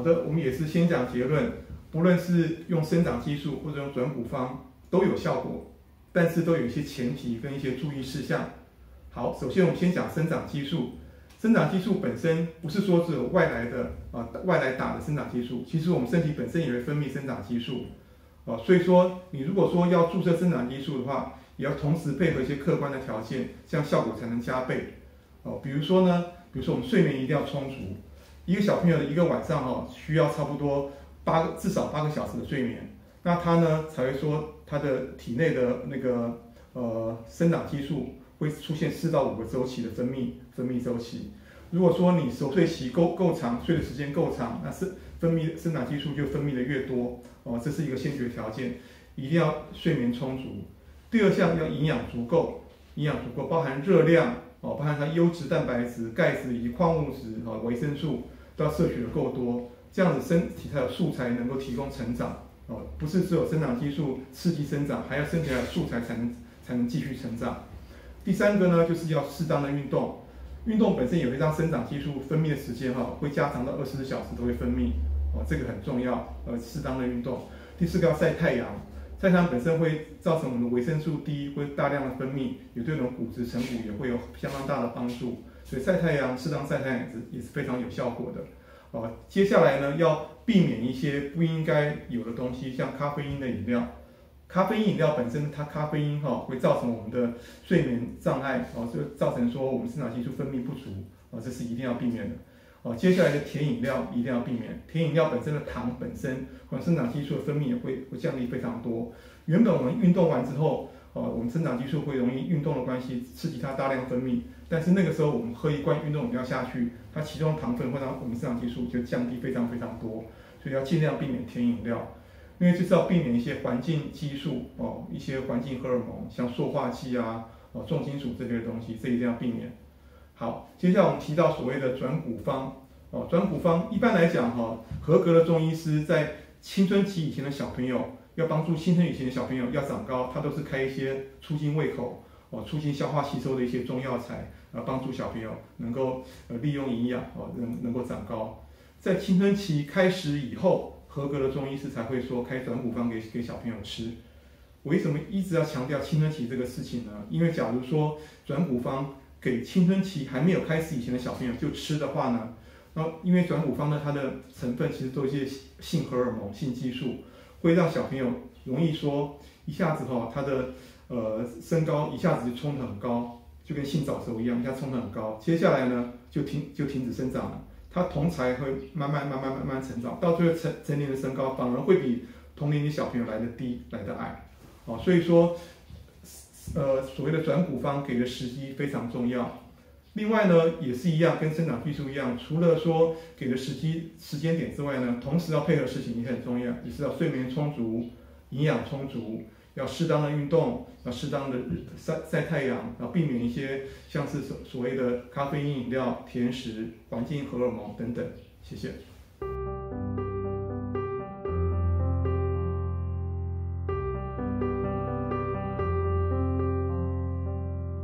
好的，我們也是先講結論。不論是用生長激素或者用轉骨方，都有效果，但是都有一些前提跟一些注意事項。好，首先我們先講生長激素。生長激素本身不是說只有外來的啊，外來打的生長激素，其實我們身體本身也會分泌生長激素啊。所以說，你如果說要注射生長激素的話，也要同時配合一些客觀的條件，這樣效果才能加倍哦。啊，比如說呢，比如說我們睡眠一定要充足。一個小朋友的一個晚上哈，需要差不多八個至少八個小時的睡眠，那他呢才會說他的體內的那個呃生長激素會出現四到五個周期的分泌分泌周期。如果說你熟睡期夠夠長，睡的時間夠長，那是分泌生長激素就分泌的越多哦、呃，這是一個先決條件，一定要睡眠充足。第二項要營養足夠，營養足夠包含熱量哦、呃，包含它優質蛋白質、鈣質以及礦物質啊、呃、維生素。要攝取的夠多，這樣子身體才有素材能夠提供成長哦，不是只有生長激素刺激生長，還要身體的素材才能才能繼續成長。第三個呢，就是要適當的運動，運動本身也會讓生長激素分泌的時間哈會加長到二十四小時都會分泌哦，這個很重要。呃、哦，適當的運動。第四個要曬太陽，曬太陽本身會造成我們的維生素 D 會大量的分泌，也對我們骨質成骨也會有相當大的幫助。所以曬太陽，適當曬太陽也是也是非常有效果的，哦。接下來呢，要避免一些不應該有的東西，像咖啡因的飲料。咖啡因飲料本身，它咖啡因哈會造成我們的睡眠障礙，哦，就造成說我們生長激素分泌不足，哦，這是一定要避免的，哦。接下來的甜飲料一定要避免，甜飲料本身的糖本身，生長激素的分泌也會會降低非常多。原本我們運動完之後，哦，我們生長激素會容易運動的關係刺激它大量分泌，但是那個時候我們喝一罐運動飲料下去，它其中的糖分會讓我們生長激素就降低非常非常多，所以要盡量避免甜飲料，因為就是要避免一些環境激素哦，一些環境荷爾蒙，像塑化劑啊、哦、重金屬這類的東西，這一定要避免。好，接下來我們提到所謂的轉骨方哦，轉骨方一般來講哈、哦，合格的中醫師在。青春期以前的小朋友要幫助青春以前的小朋友要長高，他都是開一些促進胃口、哦，促進消化吸收的一些中藥材，呃，幫助小朋友能夠呃利用營養，哦，能能夠長高。在青春期開始以後，合格的中醫師才會說，開轉骨方給給小朋友吃。為什麼一直要強調青春期這個事情呢？因為假如說轉骨方給青春期還沒有開始以前的小朋友就吃的話呢？然後因為轉骨方呢，它的成分其實都是一些性荷爾蒙、性激素，會讓小朋友容易說一下子哈、哦，他的呃身高一下子就衝得很高，就跟性早熟一樣，一下衝得很高，接下來呢就停就停止生長了，他同才會慢慢慢慢慢慢成長，到最後成成年的身高反而會比同齡的小朋友來得低，來得矮，哦，所以說，呃所謂的轉骨方給的時機非常重要。另外呢，也是一樣，跟生長激素一樣，除了說給的時機、時間點之外呢，同時要配合事情也很重要，也是要睡眠充足、營養充足，要適當的運動，要適當的曬曬太陽，要避免一些像是所所謂的咖啡因飲料、甜食、環境荷爾蒙等等。謝謝。